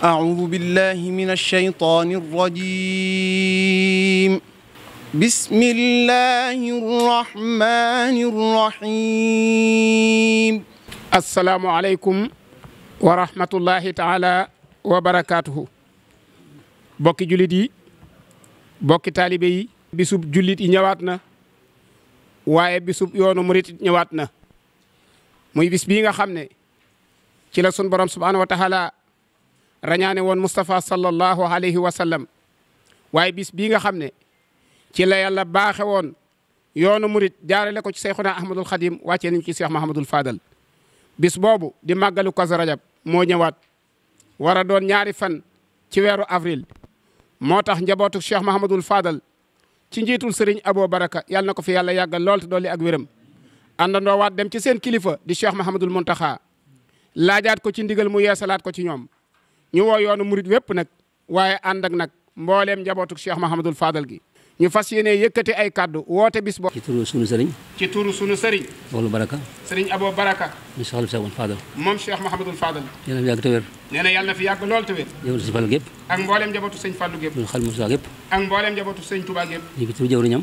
أعوذ بالله من الشيطان الرجيم بسم الله الرحمن الرحيم السلام عليكم bokki jullit yi bokki taalibe yi bisub jullit yi ñëwaat na waaye bisub yoonu murit ñëwaat na muy bis xam ne ci la sun borom subhaanahu rañane won mustafa sallallahu alayhi wa sallam waaye bis bi nga xamne ci la yàlla baxé won yoonu murit jaarale ko ci cheikhuna Ahmadul khadim wacce nañ ci cheikh Mahamadul Fadal bis bobu di magalu Kazu Rajab mo ñewat wara doon ñaari fan ci wéru avril motax njabotu Cheikh Mahamadul Fadal ci njitul serigne Abo Baraka yàlla nako fi yàlla yagal lolte doli ak wërem andando wat dem ci sen kilifa di Cheikh Mahamadul Muntaxa laajaat ko ci ndigal mu yeesalaat ko ci ñoom ñi woo yoonu murit wépp nag waaye ànd ak nag mbooleem njabootuk mu Mahamadul Fadal gi ñu fas yéene yëkkati ay kàddu woote bis bo ci turu sunu sëriñ ci turu sunu sëriñ boolu baraka sëriñ abo baraka mu Cheikh Abdoul Fadal moom Cheikh Mahamadul Fadal yal na fi yàgg te wér nee na lool te wér njabootu sëñ Fallou gépp ak mbooleem njabootu sëñ Fallou gépp xal Moussa gépp ak mbooleem njabootu sëñ Touba gépp ñu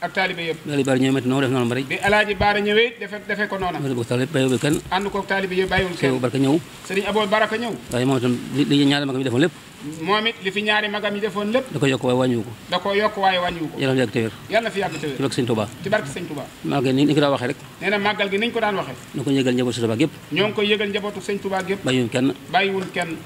ak taalibe yëpp bi Alaaji Baara ñëwee metti noonu def noonu ba rek bi Alaaji Baara ñëwee defe defe ko noona bokk taalibe bàyyiwul kenn ànd ko taalibe yëpp bàyyiwul kenn barka ñëw sëriñ Abou Baraka ñëw waaye moom itam li ñaari magam yi defoon lépp moom it li fi ñaari magam yi defoon lépp da ko yokk waaye wàññiwu ko da ko yokk waaye wàññiwu ko yàlla fi yàgg te wér yàlla fi yàgg te wér ci barke sëñ Touba ci barke sëñ Touba màggal ni ñu ko daan waxee rek nee na màggal gi niñ ko daan waxee ñoo ko yëgal njabootu sëñ Touba gépp ñoo ngi koy yëgal njabootu sëñ Touba gépp bàyyiwul kenn bàyyiwul kenn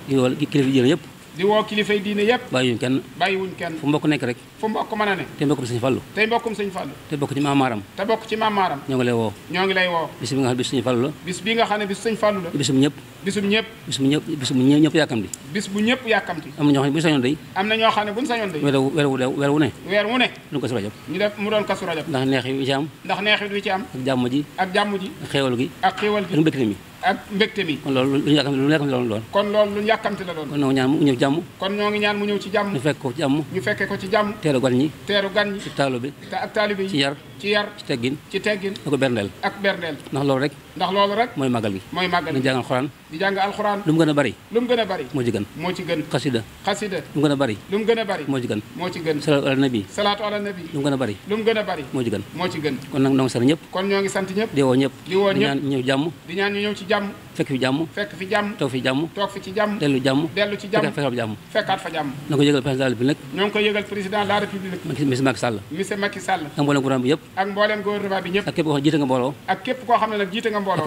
kilifa diine yëpp di wo kilifa diine yeb bayiwun kenn bayiwun kenn fu mbok nek rek fu mbok mana ne te mbok seigne Fallu te mbok seigne Fallu te bok ci maamaaram te bok ci maamaaram ñoo ngi lay wo ñong lay wo bis bi nga xam bis seigne Fallu la bis bi nga xane bis seigne Fallu la bisum ñep bisum ñep bisum ñep bisum yakam di bis bu yakam yàkkamti am ñox bu sañon day am na ño xane ne bu weru weru day weru wer wer wu ne wer wu ne doon ko rajab ñu def mu doon kasu rajab ndax neexi wi ci am ndax neexi wi ci am ak jàmm ji ak jàmm ji ak xéewal gi ak xewal gi ak mbégte mi ak mbégte mi. kon loolu lu ñu yàkkamti lu yàkkamti la doon. kon loolu lu ñu yàkkamti la doon. kon ñoo ñaan mu ñëw jàmm. kon ñoo ngi ñaan mu ñëw ci jàmm. ñu fekk ko ci jàmm. ñu fekkee ko ci jàmm. teeru gan ñi. teeru gan ñi. ci taalu bi. ak taalu bi ci yar. ci yar ci teggin. ci teggin. ak berndeel. ak berndeel. ndax loolu rek. ndax loolu rek. mooy màggal gi. mooy màggal gi nañ jàngal xoraan di jang alquran lum gëna bari lum gëna bari mo ci gën mo ci gën qasida qasida lum gëna bari lum gëna bari mo ci gën mo ci gën salatu ala nabi salatu ala nabi lum gëna bari lum gëna bari mo ci gën mo ci gën kon nak ndong ngi ñep kon ñoo ngi sant ñep di wo ñep di wo ñep di ñaan ñëw jàmm di ñaan ñew ci jamm fekk fi jamm fekk fi jamm tok fi jamm tok fi ci jamm delu jamm delu ci jamm fekk fa jamm fekkat fa jamm nako ko yëgal président de la république ñoo ngi koy yëgal président de la république monsieur Macky Sall monsieur Macky Sall ak mboolem gouvernement bi ak mboolem gouvernement bi ñep ak kep ko xam jité nga mbolo ak kep ko xam ne nag nga mbolo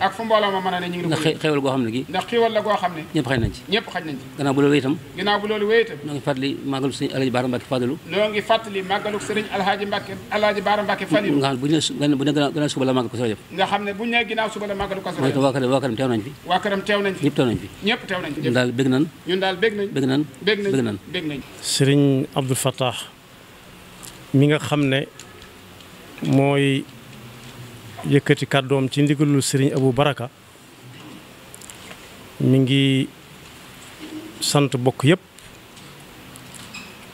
ak fu mbolo ma mën ne ñu ngi xewal goo xam ne gi ndax xewal la goo xam ne ñëpp xaj nañ ci ñëpp xaj nañ ci gannaaw bu loolu itam gannaaw bu loolu wéy itam noo ngi fàttali màggalu sëriñ Alaaji Baara Mbàkke Fadilu noo ngi fàttali màggalu sëriñ Alaaji Mbàkke Alaaji Baara Mbàkke Fadilu nga xam ne bu ñu bu ne gannaaw suba nga xam ne bu ñu ne gannaaw suba la sëriñ Abdou Fattah mi nga ci ndigalul sëriñ Abu Baraka mi ngi sant bokk yépp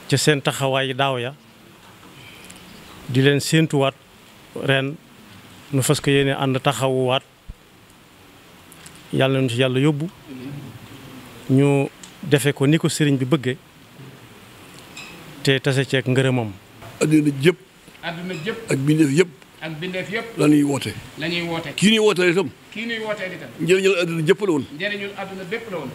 ca seen taxawaay daaw ya di leen séentuwaat ren nu fas ko yéene ànd taxawuwaat yàlla nañu ci yàlla yóbbu ñu defe ko ni ko sëriñ bi bëggee te tase ceeg ngërëmam. adduna jëpp. adduna jëpp ak bindéef yëpp. ak bindeef yëpp. la ñuy woote. la ñuy woote. kii ñuy wootee itam. kii ñuy wootee itam. njëriñul àdduna jëpp la woon. njëriñul àdduna bépp la woon.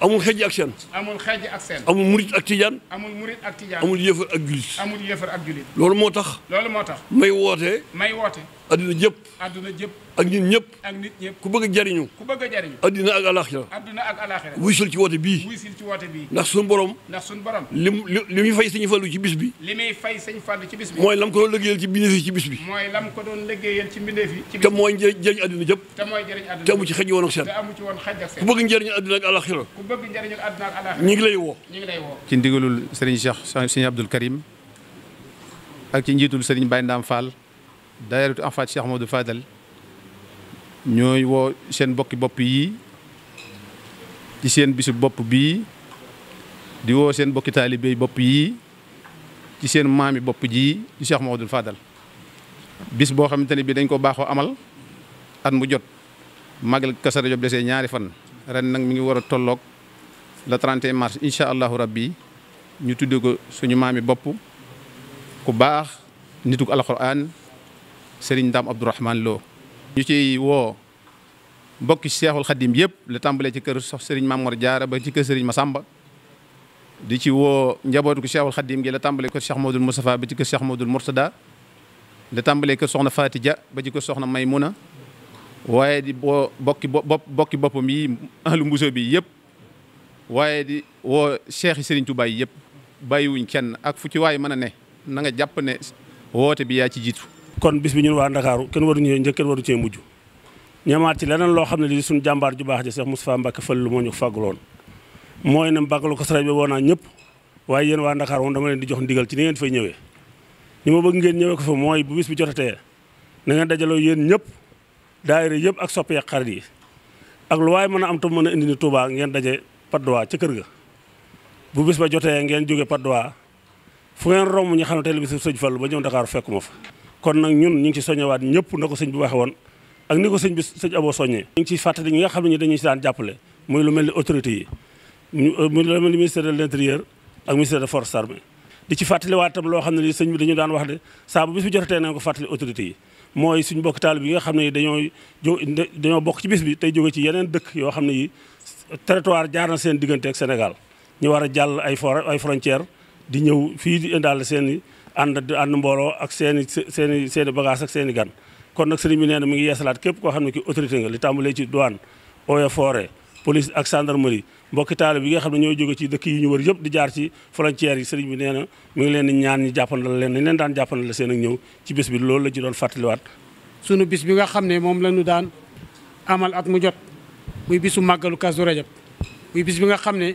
amul xeej ak seen. amul xeej ak seen. amul murit ak tijaan. amul murit ak tijaan. amul yëfar ak julit. amul yëfar ak julit. loolu moo tax. loolu moo tax. may wootee. may wootee. addina jëpp. addina jëpp. ak nit ñëpp. ak nit ñëpp. ku bëgg a jariñu. ku bëgg a jariñu. addina ak alaxira. addina ak alaxira. wuysul ci woote bii. wuysul ci woote bii. ndax suñu borom. ndax suñu borom. li li li muy fay sëñ Fallu ci bis bi. li muy fay sëñ Fallu ci mooy lam ko doon liggéeyal ci mbindeef yi ci bis bi. mooy lam ko doon liggéeyal ci mbindeef yi. ci bis bi te mooy jëriñ addina jëpp. te mooy amu ci xëj woon ak seen. ku bëgg njëriñu addina ak alaxira. ku ñu ngi lay woo. ñu ngi lay woo. ci ndigalul Serigne Cheikh Serigne Abdoul Karim ak ci njiitul Serigne Baye Ndam Fall daayiratu Anfaat Cheikh Modou Fadal ñoy wo sen bokki bop yi di sen bisu bop bi di wo sen bokki talibé bop yi ci sen maami bop ji di Cheikh Modou Fadal bis bo xamanteni bi dañ ko baxo amal at mu jot magal Kazu Rajab desee ñaari fan ren nak mi ngi wara tolok le 31 mars incha allahu rabbi ñu tuddé ko suñu mami bop ku bax nituk alquran sëriñ Ndaam Abdourahman Lo ñu ciy woo bokki seexul xadim yëpp la tàmbalee ci kër sox sëriñ Mamor Jaara ba ci kër ma sàmba di ci woo njabootu ko seexul xadim gi la tàmbalee kër Cheikh Modou Moustapha ba ci kër Cheikh Modou Mourtada la tàmbalee kër soxna Faati Ja ba ci kër soxna Maymuna waaye di woo bokki boppam yi ahlu mbuso bi yëpp waaye di woo seexi tu Tuubaa yi yëpp bàyyiwuñ kenn ak fu waay mën a ne nanga nga jàpp ne woote bi yaa ci jiitu kon bis bi ñun waa Ndakaaru kenn waru ñëw njëkk kenn waru cee mujj ñamaat ci leneen loo xam ne lii suñu jàmbaar ju baax ji Cheikh Moustapha Mbacké Falilou moo ñu fàgguloon mooy ne mbàggalu ko sareet bi woo naa ñëpp waaye wa waa Ndakaar moom dama leen di jox ndigal ci ni ngeen fay ñëwee ni ma bëgg ngeen ñëwee ko fa mooy bu bis bi jotatee na ngeen dajaloo yéen ñëpp daayira yëpp ak soppi ak xarit yi ak lu waaye mën am tam mën indi ni Touba ngeen daje Patte d'Oie ca kër ga bu bis ba jotee ngeen jóge Patte d'Oie fu ngeen romb ñu xam ne tey la bisu sëñ Fallu ba ñëw Ndakaaru fekkuma fa kon nag ñun ñu ngi ci soññewaat ñëpp na ko sëñ bi waxe woon ak ni ko sëñ bi sëñ aboo soññee ñu ngi ciy fàttali ñi nga xam ne dañuy si daan jàppale muy lu mel ni autorités yi euh, mu lu mel ni ministère de l' intérieur ak ministère de force di ci fàttaliwaat loo xam ne li sëñ bi dañu daan wax de saa bu bis bi jotatee nañ ko fàttali autorités yi mooy suñ bokk taal bi nga xam ne dañoo jó dañoo bokk ci bis bi tey jóge ci yeneen dëkk yoo xam ne yi territoire jaar seen diggante ak Sénégal ñu war a jàll ay ay frontière di ñëw fii di indaale seen ànd and mboro ak seen seen seen bagage ak seen gan kon nak serigne bi neena mi ngi yeesalat kep ko xamni ki autorité nga li tàmbalee ci douane eaux et forêt police ak gendarmerie mbokki taale bi nga xamni ne ñoo jóge ci dëkk yi ñu wër yëpp di jaar ci frontière yi serigne bi neena mi ngi leen di ñaan ñi jàppandal leen nañ leen daan jàppandal seen ak ñew ci bés bi loolu la ci doon fatali wat suñu bis bi nga xam mom lañu daan amal at mu jot muy bisu magalu Kazu Rajab muy bis bi nga xam ne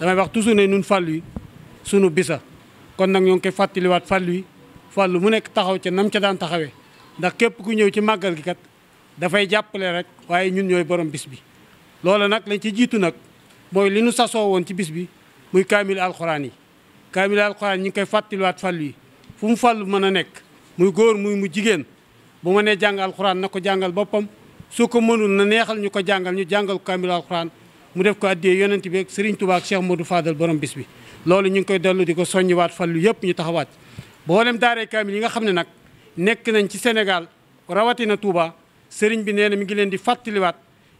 damay wax toujours ne nun fallu suñu bisa kon nag ñoo ngi koy fàttaliwaat fàllu wi fàllu mu nekk taxaw ca nam ca daan taxawee ndax képp ku ñëw ci màggal gi kat dafay jàppale rek waaye ñun ñooy borom bis bi loole nag lañ ci jiitu nag mooy li ñu sasoo woon ci bis bi muy kaamil alxuraan yi kaamil alxuraan ñu ngi koy fàttaliwaat fàllu wi fu mu fàllu mën a nekk muy góor muy mu jigéen bu ma nee jàng alxuraan na ko jàngal boppam su ko mënul na neexal ñu ko jàngal ñu jàngal kaamil alxuraan mu def ko addiyee yonent bi ak Serigne Touba ak Cheikh Modou Fadal borom bis bi loolu ñu ngi koy dellu di ko waat fallu yëpp ñu taxawaat boolem daaree kaamil yi nga xam ne nag nekk nañ ci Sénégal rawatina Touba sëriñ bi nee na mi ngi leen di fàttaliwaat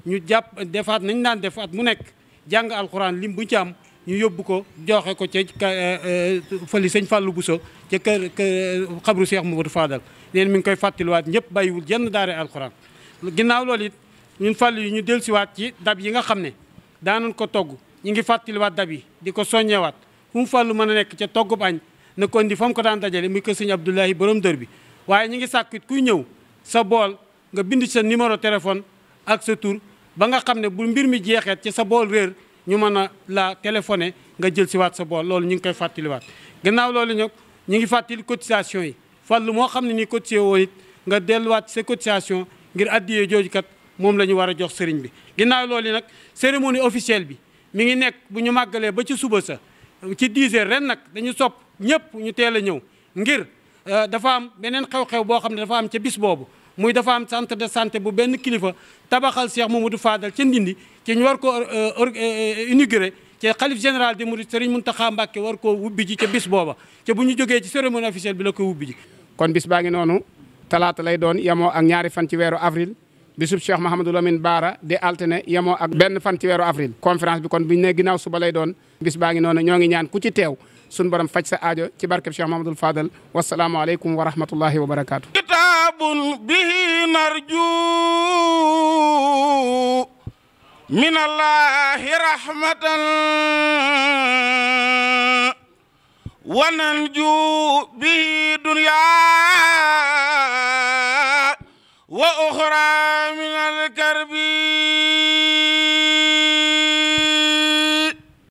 ñu jàpp defaat nañu daan def at mu nekk jàng alxuraan lim bu ci am ñu yóbbu ko joxe ko ca eh, eh, fëli sëñ Fallou Bousso ca kër xabru Cheikh Mouhamadou Fadal nee na mi ngi koy fàttaliwaat ñëpp bàyyiwul jenn daaree alxuraan ginnaaw loolu it ñun fàll yi ñu dellusiwaat ci dab yi nga xam ne daanoon ko togg ñu ngi fàttaliwaat dab di ko soññewaat fu mu fàllu mën a nekk ca toggub añ na kon di fa mu ko daan dajale muy ko sëñ Abdoulahi borom dër bi waaye ñu ngi sàkkit kuy ñëw sa bool nga bind ci sa numéro téléphone ak sa tur ba nga xam ne bu mbir mi jeexeet ci sa bool réer ñu mën a laa téléphoné nga jël si waat sa bool loolu ñu ngi koy fàttaliwaat gannaaw loolu nag ñu ngi fàttali cotisation yi fàllu moo xam ne nii cotisé woon it nga delluwaat sa cotisation ngir addiyee jooju kat moom la ñu war a jox sëriñ bi ginnaaw loolu nag cérémonie officielle bi mi ngi nekk bu ñu màggalee ba ci suba sa ci 10 heures ren nag dañu sopp ñëpp ñu teel a ñëw ngir euh, dafa am beneen xew-xew boo xam ne dafa am ca bis boobu muy dafa am centre de santé bu benn kilifa tabaxal mu Mamadou Fadal ca Ndindi ci ñu war ko euh, euh, inauguré ci xalif général des mourides Serigne Mountakha Mbacké war koo wubbi ji ca bis booba ca bu ñu jógee ci cérémonie officielle bi la ko wubbi ji kon bis baa ngi noonu talaata lay doon yemoo ak ñaari fan ci weeru avril bisub Cheikh Mahamadou Lamine Baara di altine yemoo ak benn fan ci weeru avril conférence bi kon bu ñu ne ginnaaw suba lay doon bis baa ngi ngi ñaan ku ci teew sun borom faj sa aajo ci barkeb Cheikh Mamadou Fadal wasalaamu aleykum wa rahmatullahi wa barakaatu. bihi narju min allahi rahmatan wa bihi dunya wa uxra min alkarbi